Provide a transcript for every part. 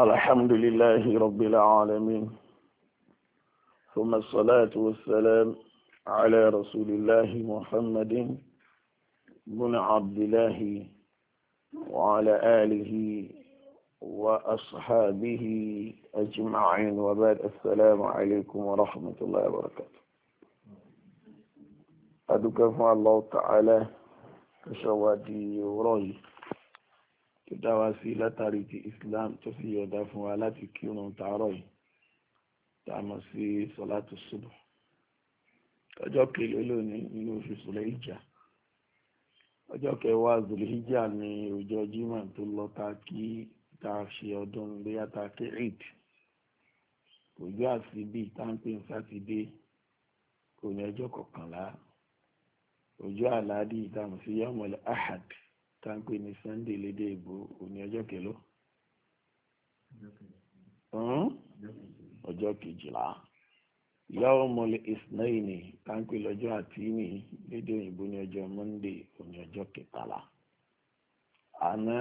الحمد لله رب العالمين ثم الصلاة والسلام على رسول الله محمد بن عبد الله وعلى آله وأصحابه أجمعين وبعد السلام عليكم ورحمة الله وبركاته أدوك الله تعالى كشواتي ورايك tó dá wa sí látàrí ti Islam tó sì yọ̀dá fún wa láti kírun tàárọ̀ yìí tá a mọ̀ sí sọ́látù ṣubú ọjọ́ kejì lónìí nínú oṣù sùlẹ̀ ìjà ọjọ́ kẹwàá zulhijjá ní ọjọ́ jimá tó lọ ta kí ta ṣe ọdún léyà ta kí eid kò yọ àti bí táǹpìn sátidé kò ní ọjọ́ kọkànlá ọjọ́ àládì ìtàmùsí yọmọlẹ ahad tá ń pè ní sunday lédè ìbò òní ọjọ́ kẹló hmm? ọjọ́ kejìlá yàwó mọ́lẹ̀ isnaini tá ń pè lọ́jọ́ àtìní lédè òyìnbó ní ọjọ́ monday òní ọjọ́ kẹtàlá àná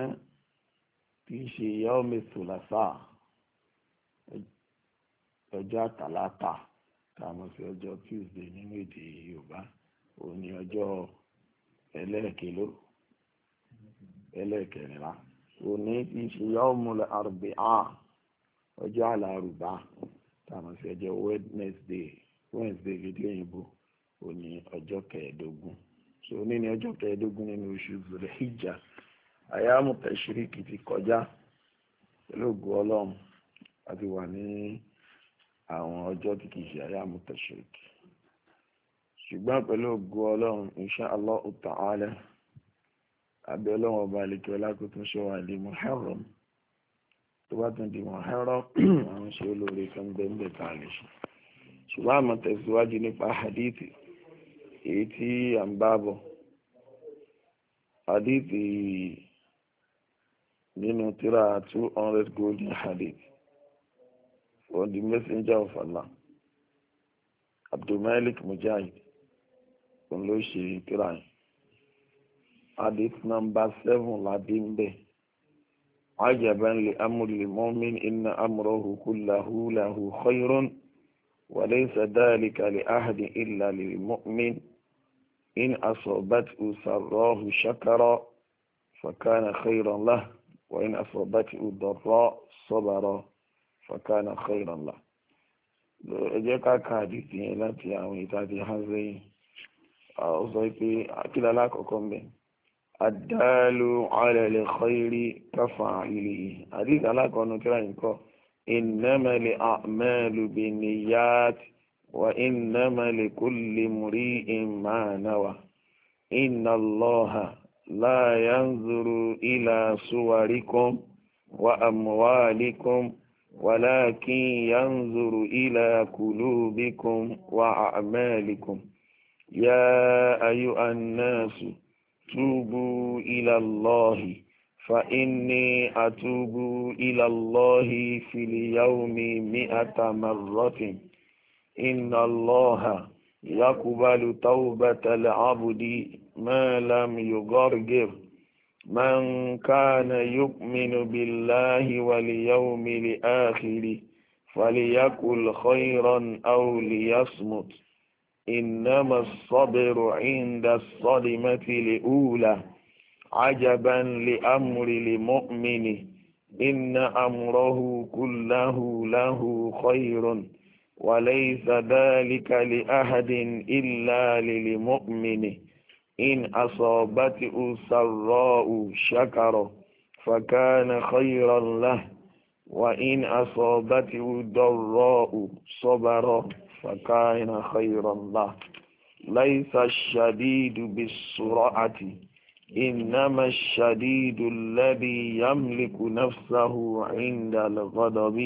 tí í ṣe yàwó mẹ́sọ̀lásà ọjọ́ àtàlátà tààmọ̀ sí ọjọ́ tuesday nínú èdè yorùbá òní ọjọ́ ẹlẹ́ẹ̀kẹ́ló elekerera oni isiyomule arbi a ojo ala aruba tamasi ejo wednesday wednesday vidi oyinbo oni ojo kedogun so oni ni ojo kedogun ninu osu zure hija ayamu tashiriki ti koja pelogun olom ati wa ni awon ojo ti kii se ayamu tashiriki ṣùgbọ́n pẹ̀lú ògùn ọlọ́run inṣẹ́ aláwọ̀ abẹ́ ọlọ́run ọba àlekè ọlá kó tún ṣọ́ Muharram tó bá tún di Muharram àwọn ṣe olóore kan bẹ́ẹ̀ bẹ́ẹ̀ tá a lè ṣe ṣùgbọ́n àmọ́ tẹ̀síwájú nípa hadithi èyí tí à ń bá bọ̀ hadithi nínú tírà two hundred golden hadith for the messenger of Allah Abdulmalik Mujahid òun ló ṣe tírà yìí hadith number seven láti ń bẹ̀. ajaban li amúlì mọ́mìn iná amúrọ̀hù kúláhù láhù khayrun wa laysa dhalika li ahadin illa lil mu'min in asabathu sarrahu shakara fakana khayran lahu wa in asabathu darra sabara fakana khayran lahu ẹ jẹ́ ká ka àdìsí yẹn láti àwọn ìta ti hàn sẹ́yìn ó sọ pé àkìlá lákọ̀ọ́kọ́ mbẹ́ àdálù alẹ́lẹ̀ kọ́ìrí káfà ilé yìí àdìsí alákọ̀ọ́nù kíra nǹkọ́ ìnámẹ́lẹ̀ àmẹ́lù bí ní yáàtì wà ìnámẹ́lẹ̀ kó lè múrí ìmánáwà iná lọ́ha láyà ń zuru ilà suwarikum wa amwalikum walakin yanzuru ila kulubikum wa a'malikum ya ayu annasu توبوا إلى الله فإني أتوب إلى الله في اليوم مئة مرة إن الله يقبل توبة العبد ما لم يغرغر من كان يؤمن بالله واليوم الآخر فليقل خيرا أو ليصمت إنما الصبر عند الصدمة الأولى عجبا لأمر المؤمن إن أمره كله له خير وليس ذلك لأحد إلا للمؤمن إن أصابته سراء شكر فكان خيرا له وإن أصابته ضراء صبر فكان خيرا له ليس الشديد بالسرعة إنما الشديد الذي يملك نفسه عند الغضب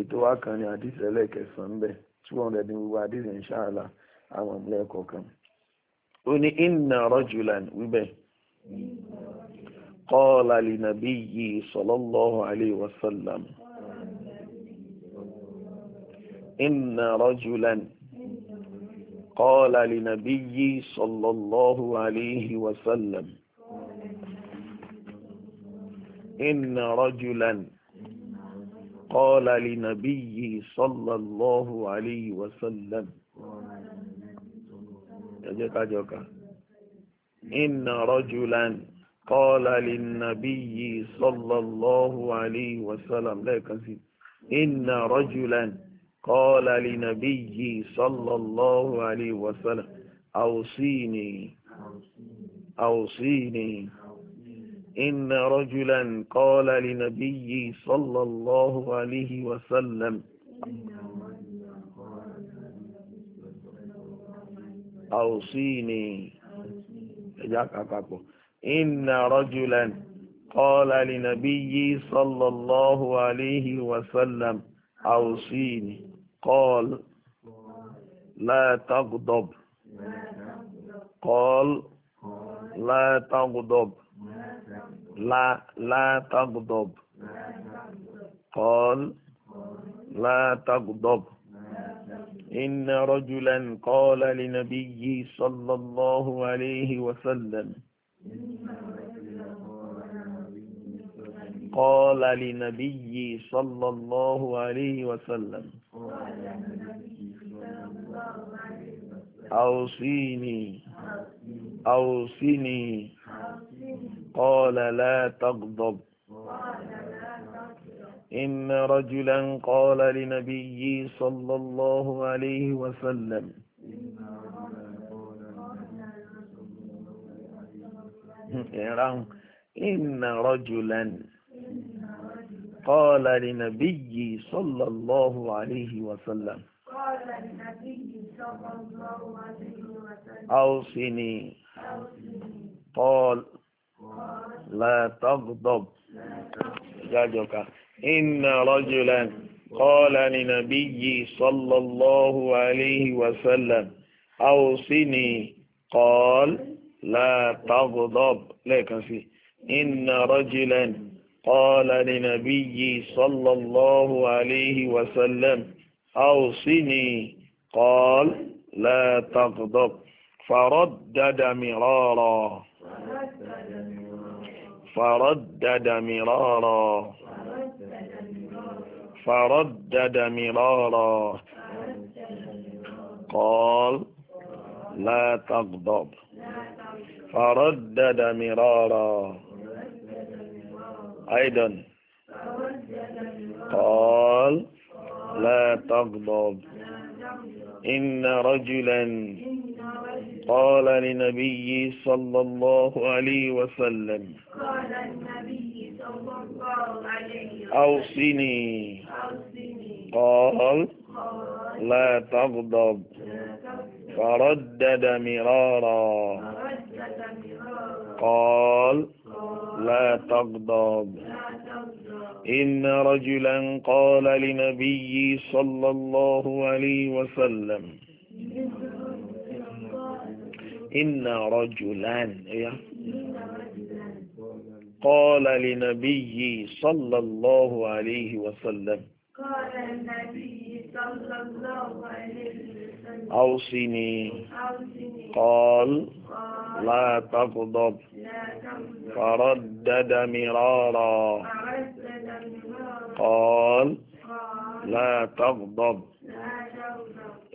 ètò kan ni àdìsí ẹlẹ́kẹsàn ń bẹ̀ two hundred ní gbogbo àdìsí ìṣáàlà àwọn ọmọ ẹ̀kọ́ kan ó ní inna rajulan wíbẹ̀ qala li nabiyyi sallallahu alayhi wa sallam إن رجلا قال لنبي صلى الله عليه وسلم إن رجلا قال لنبي صلى الله عليه وسلم إن رجلا قال للنبي صلى الله عليه وسلم لا يكن إن رجلا قال لنبيه صلى الله عليه وسلم أوصيني أوصيني إن رجلا قال لنبيه صلى الله عليه وسلم أوصيني إن رجلا قال لنبيه صلى الله عليه وسلم أوصيني قال لا تغضب قال لا تغضب لا لا تغضب قال لا تغضب إن رجلا قال لنبي صلى الله عليه وسلم قال لنبي صلى الله عليه وسلم أوصيني أوصني قال لا تغضب إن رجلا قال لنبي صلى الله عليه وسلم إن رجلا قال لنبي صلى الله عليه وسلم أوصني قال لا تغضب جاجوكا إن رجلا قال لنبي صلى الله عليه وسلم أوصني قال لا تغضب لكن في إن رجلا قال لنبي صلى الله عليه وسلم أوصني قال لا تغضب فردد مرارا فردد مرارا فردد مرارا قال لا تغضب فردد مرارا أيضا قال لا تغضب إن رجلا قال لنبي صلى الله عليه وسلم أوصني قال لا تغضب فردد مرارا قال لا تغضب إن رجلا قال لنبي صلى الله عليه وسلم إن رجلا إيه؟ قال لنبي صلى الله عليه وسلم قال النبي صلى الله عليه وسلم أوصني قال لا تغضب فردد مرارا قال لا تغضب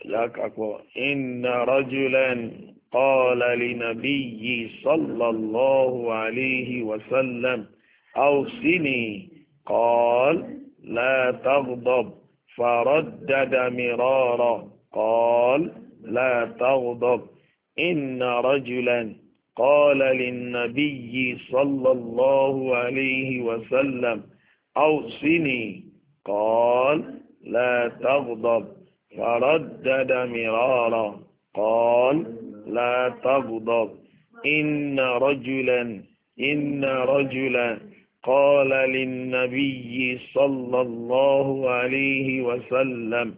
لك إن رجلا قال لنبي صلى الله عليه وسلم أوصني قال لا تغضب فردد مرارا قال لا تغضب إن رجلا قال للنبي صلى الله عليه وسلم أوصني قال لا تغضب فردد مرارا قال لا تغضب إن رجلا إن رجلا قال للنبي صلى الله عليه وسلم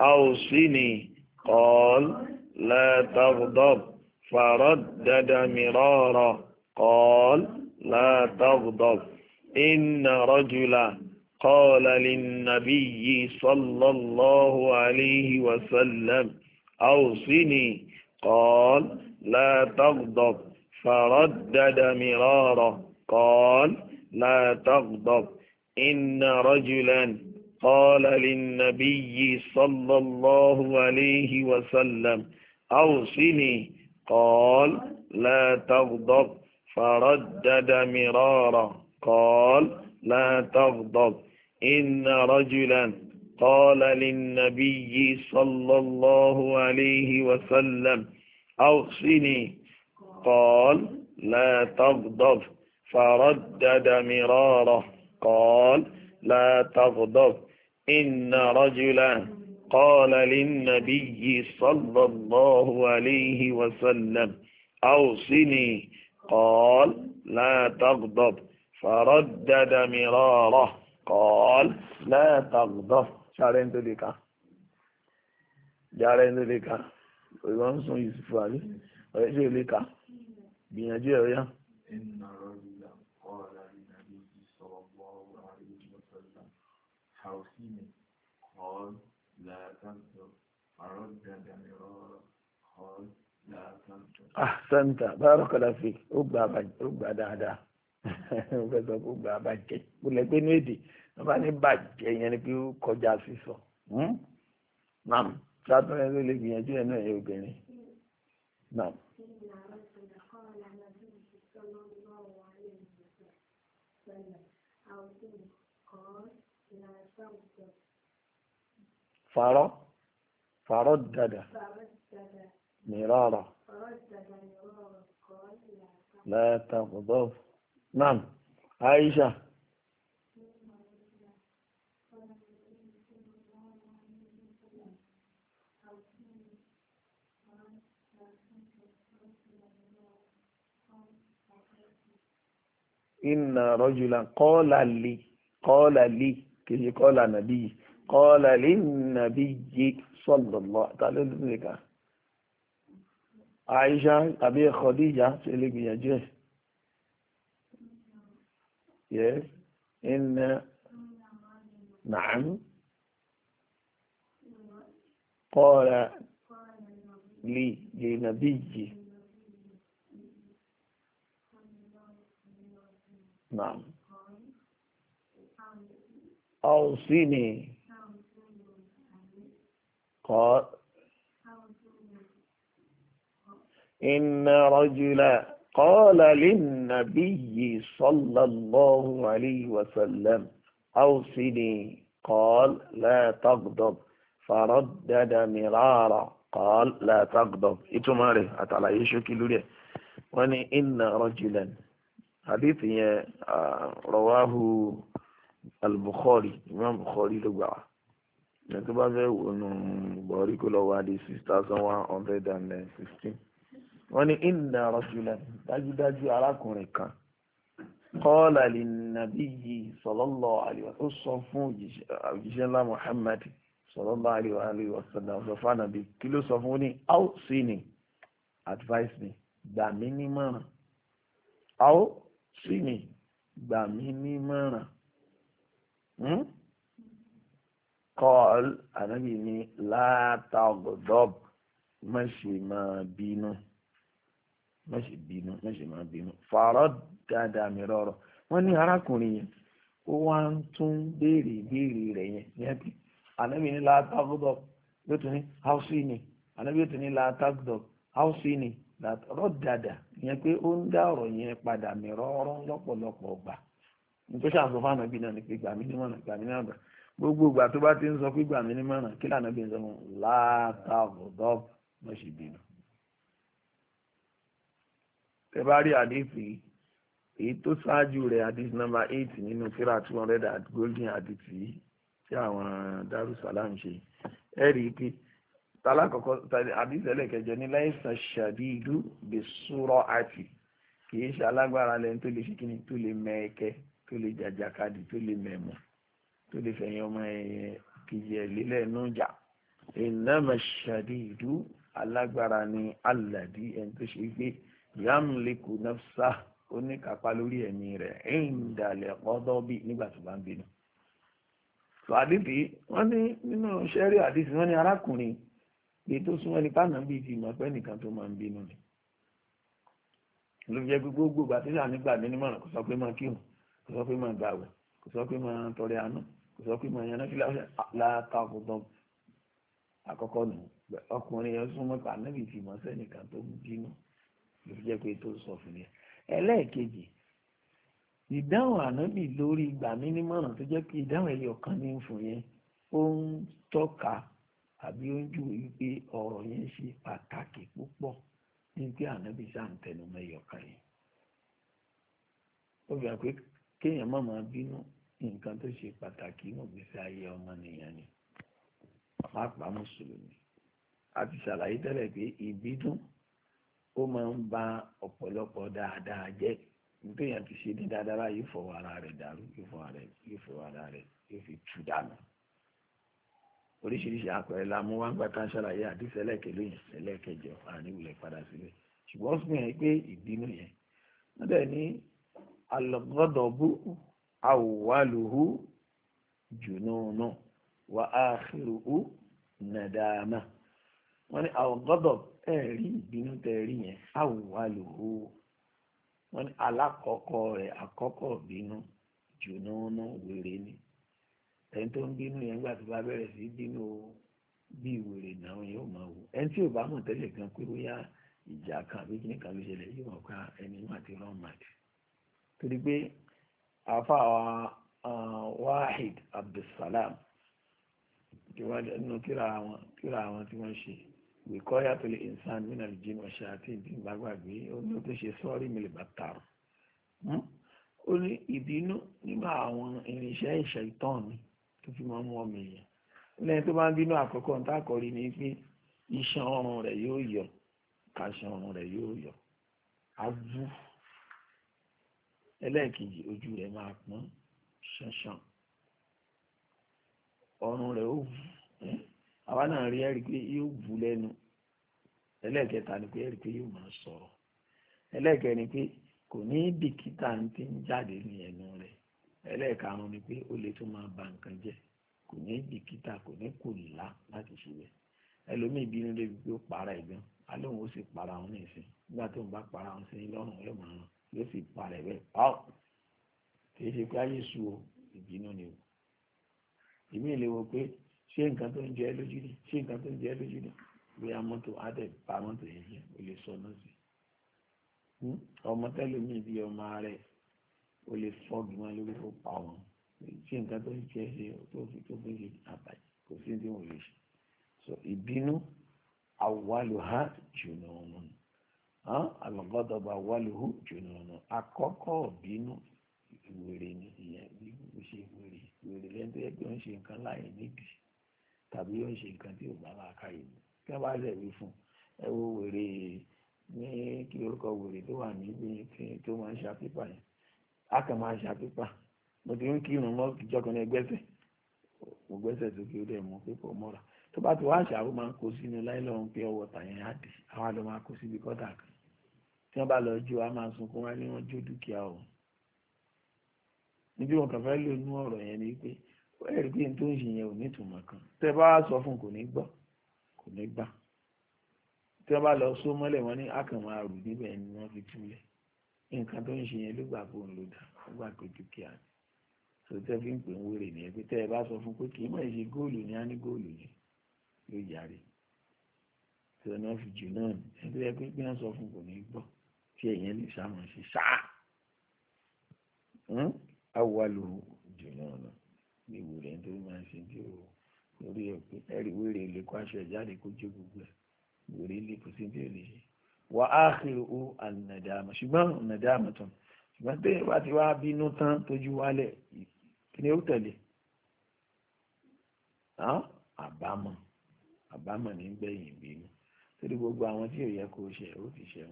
أوصني قال لا تغضب فردد مرارا قال لا تغضب إن رجلا قال للنبي صلى الله عليه وسلم أوصني قال لا تغضب فردد مرارا قال لا تغضب إن رجلا قال للنبي صلى الله عليه وسلم أوصني قال لا تغضب فردد مرارا قال لا تغضب إن رجلا قال للنبي صلى الله عليه وسلم أغسني قال لا تغضب فردد مرارا قال لا تغضب إن رجلا قال للنبي صلى الله عليه وسلم أوصني قال لا تغضب فردد مراره قال لا تغضب شارين ذلك شارين ذلك ويوان سن يوسف علي ويجي ذلك بينجي يا إن رجلا قال للنبي صلى الله عليه وسلم حوصيني قال ahsanta bárakàlá fi ó gbà dáadáa ó fẹ́ sọ pé ó gbà bàjẹ́ kò lẹ́gbẹ́ ní èdè wọ́n bá ní bàjẹ́ yẹn ni pé ó kọjá sísọ nam sátán ẹ ló lè gbìyànjú ẹ náà ẹ obìnrin nam. Thank you. فر فردد مرارا لا تغضب نعم عائشة إن رجلا قال لي قال لي كي قال نبي قال للنبي صلى الله تعالى لذلك عائشة أبي خديجة سألك يا جه إن نعم قال لي لنبي نعم أوصيني قال إن رجلا قال للنبي صلى الله عليه وسلم أوصني قال لا تغضب فردد مرارا قال لا تغضب ìtumọ̀ rẹ̀ àtàlàyé ṣókí lórí ẹ̀ wọ́n ní إن رجلا hadith yẹn rawahu al-Bukhari Imam Bukhari ló gbà wá ẹ̀ tó bá fẹ́ wò nù bọ̀rí kó lọ wá di six thousand one hundred and sixteen wọ́n ní ìnà rọ̀ṣùlẹ̀ dájúdájú arákùnrin kan kọ́ọ̀lá lè nàbí yìí sallallahu alaihi ó sọ fún òjíṣẹ́ ńlá Muhammad sallallahu alaihi wasallam sọ fún ànàbí kí ló sọ fún ní áò sí ni advice me gbà mí nímọ̀ràn áò sí ni gbà mí nímọ̀ràn. Hmm? kọ́ọ̀l ànábì ní látàgọ̀dọ́b má ṣe máa bínú má ṣe bínú má ṣe máa bínú fàárọ̀ dáadáa mi rọrọ̀ wọ́n ní arákùnrin yẹn ó wá ń tún béèrè ìbéèrè rẹ̀ yẹn ní ẹbí ànábì ní látàgọ̀dọ́b yóò tún ní haúsí ni ànábì yóò tún ní látàgọ̀dọ́b haúsí ni látàgọ̀dọ́b dáadáa ìyẹn pé ó ń dá ọ̀rọ̀ yẹn padà mi rọ́rọ́ lọ́pọ̀lọpọ̀ gbà gbogbo ìgbà tó bá ti ń sọ pé gbà mí ní mọ̀ràn kí lànà bí n sọ wọn látàbọ̀dọ̀ mọ̀ sí bínú. tẹ bá rí àdìsí èyí tó ṣáájú rẹ̀ àdìsí nọ́mbà eight nínú kíra two hundred and golden àdìsí tí àwọn darussalam ṣe ẹ rí i pé tálákọ̀ọ́kọ́ àdìsí ẹlẹ́kẹjọ ní láìsàn ṣàdídú bẹ́sùrọ̀ àti kì í ṣe alágbára lẹ́ni tó lè ṣe kíni tó lè mẹ́ẹ̀kẹ́ tó lè jàjàkadì tó lè mẹ́mọ́ tó lè fẹ̀yìn ọmọ ẹ̀yẹ kìí ẹ̀ lélẹ̀ nù jà innama shadidu alágbára ni alàdí ẹni tó ṣe gbé yamliku nafsa ó ní kápá lórí ẹ̀mí rẹ̀ ìndàlẹ̀ ọ̀dọ́ bí nígbà tó bá ń bínú. àdìsí wọ́n ní nínú sẹ́rí àdìsí wọ́n ní arákùnrin bí tó súnmọ́ ní pàmò bíi ti mọ̀ pé nìkan tó máa ń bínú ni. ló fi jẹ́ pé gbogbo ìgbà tí sàmì mí nímọ̀ràn kò sọ pé máa kírun kò sọ pé máa gbàwẹ̀ kò sọ pé máa tọrẹ àánú kò sọ pé máa yan náfìlà látàkùtàn àkọ́kọ́ nù ọkùnrin yẹn súnmọ́ pa níbi ìfìmọ́ sẹ́nìkan tó ń bínú ló fi jẹ́ pé tó sọ fún yẹn ẹlẹ́ẹ̀kejì ìdáhùn ànábì lórí ìgbà mi nímọ̀ràn tó jẹ́ pé ìdáhùn ẹyọ kan ní fún yẹn ó ń tọ́ka àbí ó ń jù wípé ọ̀rọ̀ yẹn ṣe pàtàkì púpọ̀ ní pé ànábì sáà ń kan yẹn ó fi hàn pé kéèyàn má bínú nǹkan tó ṣe pàtàkì nínú ìgbésí ayé ọmọnìyàn ni pàápàá mùsùlùmí a ti ṣàlàyé tẹ́lẹ̀ pé ìbídùn ó máa ń ba ọ̀pọ̀lọpọ̀ dáadáa jẹ́ nítorí ti ṣe ní dáadáa báyìí fọwọ́ ara rẹ̀ dàrú yóò fọwọ́ ara rẹ̀ yóò fi tú dànù oríṣiríṣi àpẹẹrẹ la mú wá ń gbà tá a ṣàlàyé àdìsẹ́ ẹlẹ́kẹ̀lẹ́ yẹn ẹlẹ́kẹjọ àníwìlẹ̀ padà sílẹ̀ ṣùgbọ́n ó fi pé ìbínú yẹn wọ́n dẹ̀ ní alọ́gọ́dọ̀ bú awwaluhu jununu wa akhiruhu nadama wọ́n ní àwọ̀gọ́dọ̀ ẹ̀rí ìbínú tẹ̀rí yẹn awwaluhu wọ́n ní alákọ̀ọ́kọ́ rẹ̀ àkọ́kọ́ bínú jununu wèrè ni ẹni tó ń bínú yẹn nígbà tó bá bẹ̀rẹ̀ sí bínú bí ìwèrè náà yóò máa wò ẹni tí ò bá mọ̀ gan pé bóyá ìjà kan àbí kíníkan ló ṣẹlẹ̀ yóò mọ̀ pé ah, ẹni máa ti rán torí pé àfàwà wahid abdulsalam nínú tíra àwọn tíra àwọn tí wọ́n ṣe wìkọ́yà tó lè insan minal jin wa shayatin tí ń bá gbàgbé ó ní ó tó ṣe sọ́ọ́rí mi lè bá tààrọ̀ hmm? ó ní ìbínú nígbà àwọn irinṣẹ́ ìṣẹ́ ìtàn mi tó fi máa ń mú ọmọ èèyàn tó bá ń bínú àkọ́kọ́ ń tákọ̀rí ni pé iṣan ọrùn rẹ̀ yóò yọ kàṣan ọrùn rẹ̀ yóò yọ abú ẹlẹ́ẹ̀kejì ojú rẹ̀ máa pọ́n ṣánṣán ọrùn rẹ̀ ó wù àwa náà rí ẹ̀rí pé yóò wù lẹ́nu ẹlẹ́ẹ̀kẹta ni pé ẹ̀rí pé yóò máa sọ̀rọ̀ ẹlẹ́ẹ̀kẹ́ ni pé kò ní bìkítà ti ń jáde ní ẹnu rẹ̀ ẹlẹ́ẹ̀karùn ni pé ó lè tún máa ba nǹkan jẹ́ kò ní bìkítà kò ní kò lá láti ṣe bẹ́ẹ̀ ẹlòmíì bínú débi pé ó para ẹ̀gbọ́n alóhùn ó sì para òun ní nígbà bá para òun sí lọ́rùn yóò sì parẹ̀ bẹ́ẹ̀ pàó kìí ṣe pé ayé su o ìbínú ni o ìmí ìlè wo pé ṣé nǹkan tó ń jẹ lójú ni ṣé nǹkan tó ń jẹ lójú ni bóyá mọ́tò adẹ̀ bá mọ́tò yẹn jẹ́ o lè sọ náà sí hmm? ọmọ tẹ́lómìn bíi ọmọ rẹ̀ o lè fọ́ọ̀gì wọn lórí kó pa wọn ṣé nǹkan tó ń jẹ ṣe tó fi tó fi ṣe àbàjẹ́ kò sí ní tí wọ́n lè ṣe so ìbínú àwàlùhà jùlọ ọmọ nù àlọ́gọ́dọ̀gba wálùú jùnúnú àkọ́kọ́ bínú ìwèrè ni ìyẹn bí ó ṣe wèrè wèrè lẹ́nu tó yẹ pé ó ń ṣe nǹkan láì nídìí tàbí ó ń ṣe nǹkan tí ò bá láàka yìí ni kí wọ́n bá rẹ̀ wí fún ẹ wo wèrè ní kí orúkọ wèrè tó wà níbi tó máa ń ṣa pípa yẹn a kàn máa ṣa pípa mo ti ń kírun mọ́ ìjọkùnrin ẹgbẹ́sẹ̀ mo gbẹ́sẹ̀ tó kí ó dẹ̀ mọ́ pípọ̀ mọ́ra tó bá ti wá ṣàrò máa ń kó sínú láìlọ́run pé ọwọ́ tàyẹn á dì àwọn àdó máa kó síbi kọ́dà kan tí wọ́n bá lọ jó a máa sunkún wá ní wọ́n jó dúkìá o níbi wọn kàn fẹ́ lò nú ọ̀rọ̀ yẹn ni pé ẹ̀rí pé n tó ń ṣe yẹn ò ní ìtumọ̀ kan tẹ́ bá sọ fún kò ní gbọ́ kò ní gbà tí wọ́n bá lọ só mọ́lẹ̀ wọn ní akànmọ́ àrùn níbẹ̀ ni wọ́n fi túlẹ̀ nǹkan tó ń ṣe yẹn ló gbà kó ń lò dá ó gbà pé dúkìá ni tó tẹ́ fi ń pè ń wèrè nìyẹn pé tẹ́ ẹ bá sọ fún pé kì í mọ̀ ṣe góòlù ni a ní góòlù ni ló yàrí tí wọ́n fi jù náà ni ẹgbẹ́ pé bí wọ́n sọ fún kò ní gbọ́ tí èyàn lè sáwọn ṣe ṣáà awàlò jùlọ ọ̀nà bí ìwúrẹ́ tó máa ṣe bí o lórí ẹ̀pẹ́ ẹ̀rí wéré lè kó aṣọ ìjáde kó jẹ́ gbogbo ẹ̀ wèrè lè kó sí bí ó lè ṣe wà á kiri ó ànàdàmọ̀ ṣùgbọ́n ànàdàmọ̀ tán ṣùgbọ́n tẹ́yìn bá ti wá bínú tán tójú wálẹ̀ kí ni ó tẹ̀lé àbámọ̀ àbámọ̀ ní gbẹ̀yìn bínú torí gbogbo àwọn tí ò yẹ kó ṣe ó ti ṣe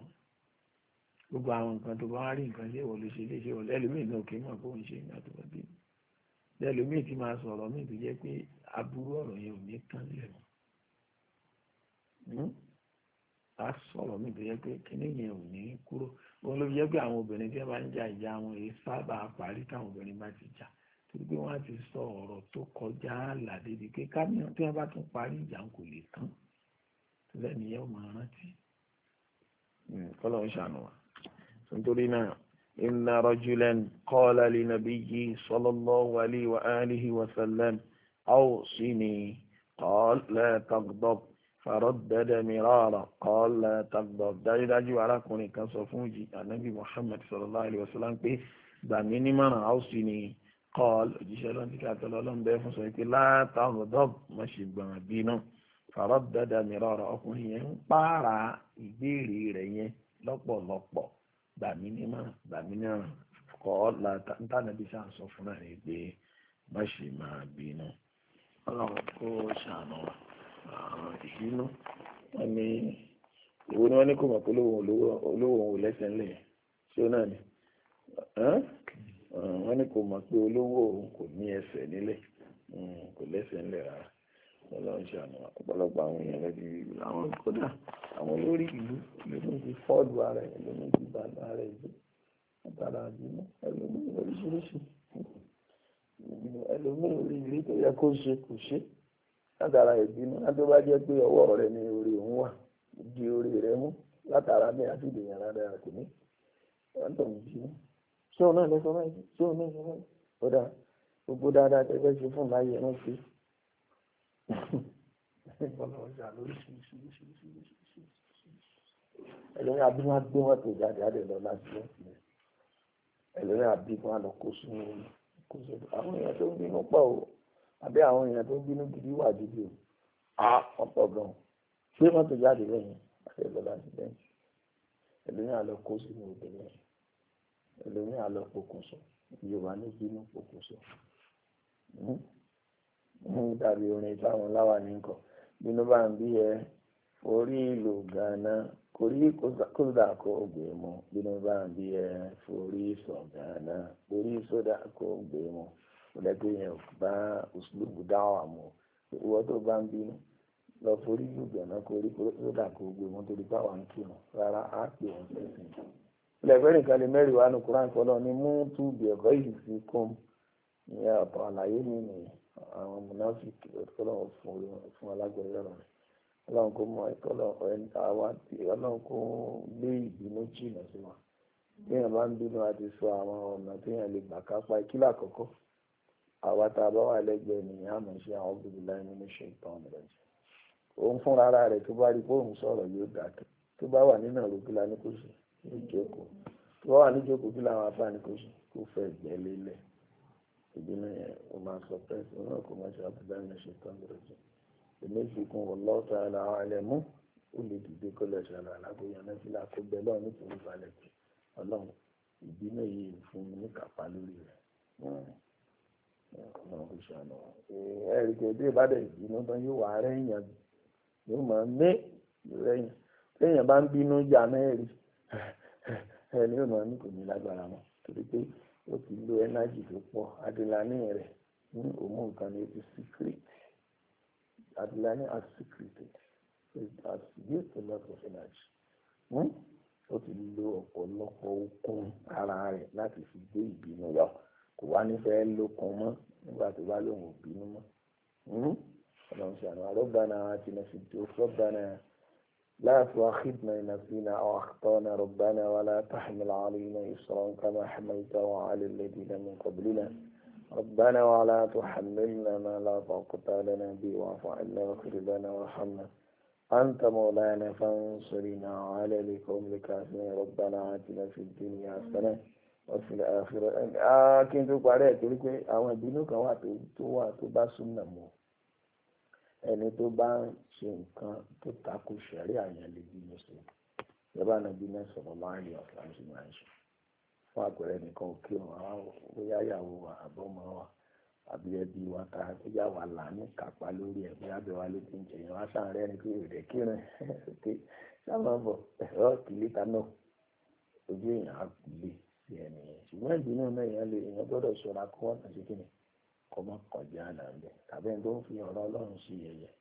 gbogbo àwọn nǹkan tó bá wá rí nǹkan ṣe wọ́n ló ṣe léṣe wọ́n lẹ́lòmíì náà kì í mọ̀ pé òun ṣe ìgbà tó bá bí lẹ́lòmíì ti máa sọ̀rọ̀ míì tó jẹ́ pé aburú ọ̀rọ̀ yẹn ò ní tán lẹ́nu hmm? a sọ̀rọ̀ mi bẹ̀rẹ̀ pé kíní yẹn ò ní kúrò wọn ló fi jẹ́ pé àwọn obìnrin tí wọ́n bá ń jà ìjà wọn èyí sábà parí táwọn obìnrin bá ti jà torí pé wọ́n á ti sọ ọ̀rọ̀ tó kọjá ààlà pé kámíọ̀n tí ń hmm, ṣàánú wa. انظرنا نعم. إن رجلا قال لنبيه صلى الله عليه وآله وسلم أوصني قال لا تغضب فردد مرارا قال لا تغضب دعي دعي وعلاكوني كصفوجي النبي محمد صلى الله عليه وسلم قال بانيني من أوصني قال جيشالا تكاتل اللهم بيفن صحيح لا تغضب مشيب بنا فردد مرارا أكوني بارا إبيري ريني لقب لقب gbà mí la ntànàbí sọ fún náà pé má ṣe máa bínú ọlọ́run kó ṣàánú ìbínú wọn ni ìwọ ni wọn ní kò mọ̀ pé olówó òun lẹ́sẹ̀ ńlẹ̀ ṣé ó náà ni wọn kò mọ̀ kò ní ẹsẹ̀ nílẹ̀ hmm, ọlọ́run ṣe àná ọ̀pọ̀lọpọ̀ àwọn èèyàn lẹ́bi àwọn kódà àwọn olórí ìlú ẹlòmíì ti fọ́ọ̀dù ara ẹ̀ ẹlòmíì ti bà ara ẹ̀ jẹ́ látara àdínú ẹlòmíì oríṣiríṣi ẹlòmíì orí ìlú tó yẹ kó ṣe kò ṣe látara ìbínú látó bá jẹ́ pé ọwọ́ rẹ̀ ni orí òun wà di orí rẹ̀ mú látara ní àti ìdèyàn rárá kò ní ọ̀tọ̀ ìbínú ṣé òun náà lẹ́sọ̀ báyìí ṣé òun náà lẹ́sọ̀ báyìí ẹlẹ́yìn abí wọn gbé wọn tó jáde á lè lọ láti lọ sílẹ̀ ẹlẹ́yìn abí wọn lọ kó sínú kó sínú àwọn èèyàn tó ń bínú pọ̀ o àbí àwọn èèyàn tó ń bínú gidi wà gidi o á wọn pọ̀ gan gbé wọn tó jáde lẹ́yìn á lè lọ láti lẹ́yìn ẹlẹ́yìn àlọ́ kó sínú obìnrin ẹlẹ́yìn àlọ́ pokùnso Yorùbá ní bínú pokùnso. Hmm? dàbí orin táwọn láwà ní nǹkan bínú bá ń bí ẹ forí ìlú gánà kórí kódà kó gbé mu bínú bá ń bí ẹ forí ìsọ gánà kórí sódà kó gbé mu ọlẹ́gbẹ́ yẹn bá òṣùlùkù dáwà mu ìwọ tó bá ń bínú lọ forí ìlú gánà kórí sódà kó gbé mu torí báwa ń kírun rárá á pè wọn sẹ́sìn ilẹ̀gbẹ́ nìkan lè mẹ́rin wà ní kúránkọ́ lọ ní mú túbì ẹ̀kọ́ yìí fi kún ìyá ọ̀tọ̀ àlàyé nìyẹn àwọn mùnáfíkì ọlọ́run fún fún alágbèrè rẹ̀ ọlọ́run kò mọ ẹ̀kọ́ ọlọ́run kò gbé ìbínú jìnà sí wa téèyàn bá ń bínú àti sọ àwọn ọ̀nà téèyàn lè gbà kápá ìkílà àkọ́kọ́ àwa tá a bá wà lẹ́gbẹ̀ẹ́ nìyẹn àmọ̀ ṣe àwọn obìnrin láì nínú ṣe ìtàn rẹ̀ jù òun fúnra ara rẹ̀ tó bá rí bóun sọ̀rọ̀ yóò dákẹ́ tó bá wà nínú ọ̀rọ̀ kílá ní kò sí ní ìjókòó tó bá wà ní ìjókòó kílá àwọn afáàní kò sí kó fẹ́ gbẹ́ lélẹ̀ ìdínà yẹn o máa sọ pẹ́sì náà kò máa ṣe àbúdáyé ṣe tán lọ́rọ̀ jù èmi fi kún wallahu ta'ala a'lamu ó lè dìde kó lọ ṣàlàyé alábòyàn náà sílẹ̀ àkóbẹ́ lọ́wọ́ nítorí balẹ̀ pé ọlọ́run ìbínú yìí fún mi ní kàpá lórí rẹ̀ ọlọ́run kò ṣàánú ẹ̀rí kò dé ìbàdàn ìbínú tán yóò wà rẹ́yìn yóò máa mé rẹ́yìn téèyàn bá ń bínú jà náà rí ẹni yóò máa ní kò ní lágbára mọ́ torí pé o ti lo ẹnájì tó pọ̀ adilani rẹ̀ hmm, ní òmù nǹkan secret adilani has secreted it of energy hmm? ó ti lo ọ̀pọ̀lọpọ̀ okun ara rẹ̀ láti fi gbé ìbínú yọ kò wá ní fẹ́ lókun mọ́ nígbà tó bá lóun ò bínú mọ́ hmm? ọlọ́run ṣàánú àrọ́gbà àti لا تؤاخذنا إن نسينا أو أخطأنا ربنا ولا تحمل علينا إصرا كما حملته على الذين من قبلنا ربنا ولا تحملنا ما لا طاقة لنا به واعف عنا واغفر لنا وارحمنا أنت مولانا فانصرنا على لكم الكافرين ربنا آتنا في الدنيا حسنة وفي الآخرة آه كنت أقول لك أنا بنوك واتو واتو باسم نمو ẹni tó bá ń ṣe nǹkan tó takò ṣẹ̀rí àyàn lè bínú sí ìjọba náà bínú sọ̀rọ̀ láàrin ọ̀sán sí máa ń ṣe fún àpẹẹrẹ nìkan òkè ọ̀hún àwọn bóyá ìyàwó wa wa àbí ẹbí wa ta bóyá wà láàánú kápá lórí ẹ̀ bóyá bẹ́ẹ̀ wá ló ti ń jẹ wá sáà ni kírin ojú èèyàn á lè ṣùgbọ́n ìbínú náà èèyàn kó má kọjá àlà ń bẹ tàbí ẹni tó ń fi ọ̀rọ̀ ọlọ́run sí yẹ̀yẹ́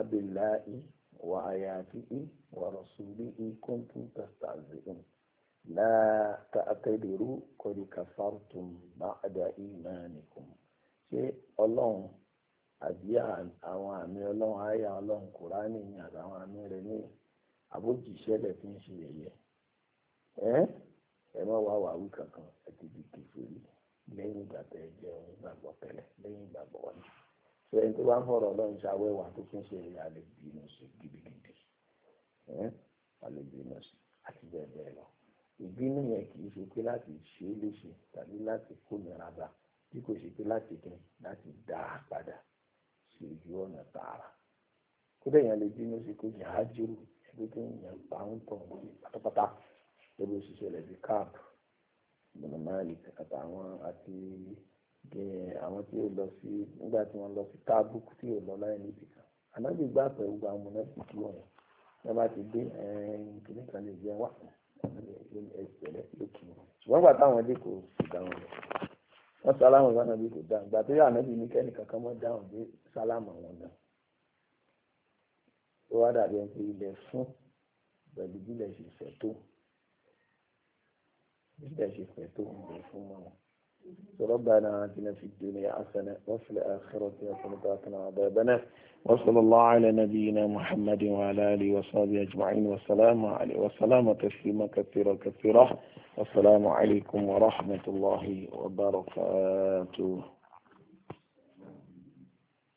abillahi wa ayatihi wa rasulihi kuntum tastahzi'un la ta'tadiru qad kafartum ba'da imanikum ṣé ọlọ́run àbí àwọn àmì ọlọ́run àyà ọlọ́run kùránì ni àtàwọn àmì rẹ̀ ní àbójìṣẹ́lẹ̀ fi ń ṣe yẹ̀yẹ́ ẹ ẹ má wá wàwí kankan ẹ ti di kìfìrí lẹ́yìn ìgbà tẹ jẹ́ onígbàgbọ́ tẹ́lẹ̀ lẹ́yìn ìgbàgbọ́ wọn ni ṣé ẹni tó bá ń fọ̀rọ̀ ọlọ́run ṣàwẹ́wà tó tún ṣe àlè bínú sí gidigidi àlè bínú sí àti bẹ́ẹ̀ bẹ́ẹ̀ lọ ìbínú yẹn kì í ṣe pé láti ṣe é léṣe tàbí láti kó nira bá bí kò ṣe pé láti dín láti dá a padà ọ̀nà tààrà kódà lè bínú kó yàá ẹgbẹ́ tó yàn pátápátá òṣìṣẹ́ rẹ̀ bí káàbù ibn Malik àtàwọn àti àwọn tí ó lọ sí nígbà tí wọ́n lọ sí tábùkù tí ò lọ láì níbi kan ànábì gbà pẹ̀lú gba àwọn mọ̀nàfíkì ọ̀hún tí wọ́n bá ti dé kìnnì kan lè jẹ́ wà ẹ̀sẹ̀lẹ̀ lókè wọn ṣùgbọ́n gbà táwọn dé kò sì dá wọn lọ wọ́n sálámù ìwà náà bí kò dáhùn gbà tó yà ànábì ní kẹ́nì kankan mọ́ dáhùn dé sálámù àwọn náà ó wá dàbí ẹni pé ilẹ̀ fún pẹ̀lú bí ilẹ̀ ṣe fẹ́ tó مش ده شيء ربنا آتنا في الدنيا حسنة وفي الآخرة حسنة وقنا عذاب النار وصلى الله على نبينا محمد وعلى آله وصحبه أجمعين والسلام عليه وسلام تسليما كثيرا كثيرا والسلام عليكم ورحمة الله وبركاته